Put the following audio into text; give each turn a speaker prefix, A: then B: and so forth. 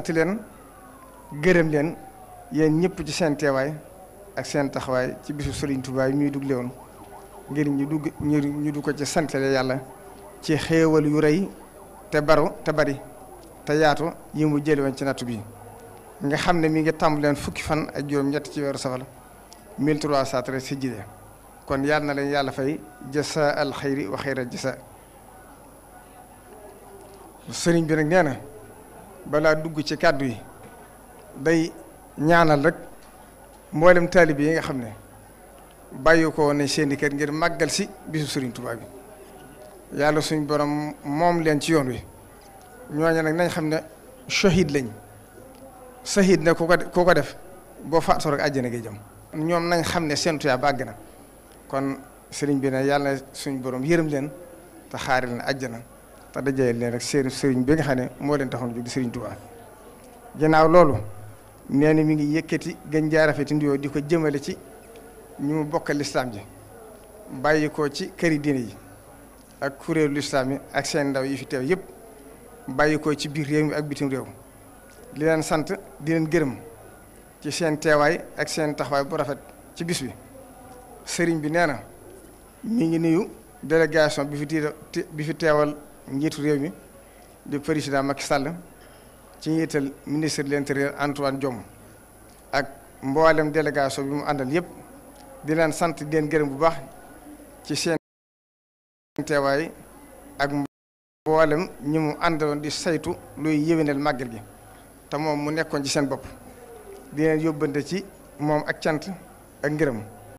A: sant leen gërëm leen yéen ñëpp ci seen teewaay ak seen taxawaay ci bisu Serigne Touba yi ñuy dugle woon ngir ñu dugg ñu du ko ci santale yàlla ci xéewal yu rey te baru te bari te yaatu yi mu jële woon ci nattu bi nga xam ne mi ngi tàmb leen fukki fan ak juróom-ñett ci weeru safar 1313 si jide kon yal na leen yàlla fay jasa al xayri wa xayra jasa sëriñ bi nag nee na balaa dugg ci kàddu yi day ñaanal rek mboolem taalib yi nga xam ne bàyyi ko ne seeni kër ngir màggal si bisu Serigne Touba bi yàlla suñ borom moom leen ci yoon wi ñooñu nag nañ xam ne shahid lañ shahid ne ku ko def boo faatoo rek àjjana ngay ñoom nañ xam ne seen tuyaa ba àgg na kon sëriñ bi ne yàlla suñ borom yërëm leen te xaaril na àjjana te dajale leen rek seen sëriñ bi nga xam ne moo leen taxoon jóg di sëriñ Tuubaa ginnaaw loolu nee na mi ngi yëkkati gën jaa rafeti nuyoo di ko jëmale ci ñu mu bokkal lislaam ji bàyyi ko ci këri diine yi ak kuréelu lislaam yi ak seen ndaw yi fi teew yépp bàyyi ko ci biir réew mi ak bitim réew di leen sant di leen gërëm ci seen teewaay ak seen taxawaay bu rafet ci bis bi sëriñ bi nee na mi ngi nuyu délégation bi fi bi fi teewal njiitu réew mi di président Macky Sall ci njiital ministre de l'intérieur Antoine jomm ak mboolem délégation bi mu àndal yëpp di leen sant di leen gërëm bu baax ci seen teewaay ak mboolem ñi mu àndaloon di saytu luy yéwénal màggal gi te moom mu nekkoon ci seen bopp di yóbbante ci moom ak cant ak ngërëm